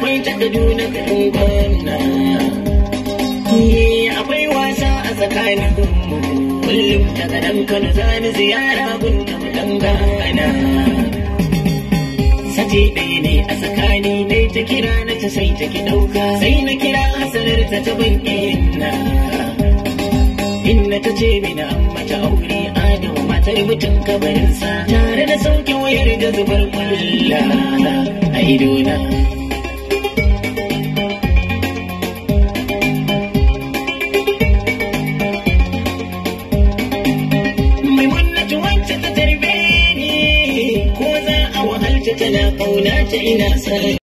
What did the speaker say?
akwai takaduna ta banna akwai wasa a tsakanin kullum daga dan kano zani ziyara gunna dan gana sati ɗaya ne a tsakani dai ta kira na ta sai ta ki ɗauka sai na kira hasarar ta ta ban inna inna ta ce mini an mata aure adawa matar mutum kabarinsa tare da sauke wayar da zubar kwalla a idona. ji wacce ta tarbe ni ko za a wahalta tana ƙauna ta ina sarai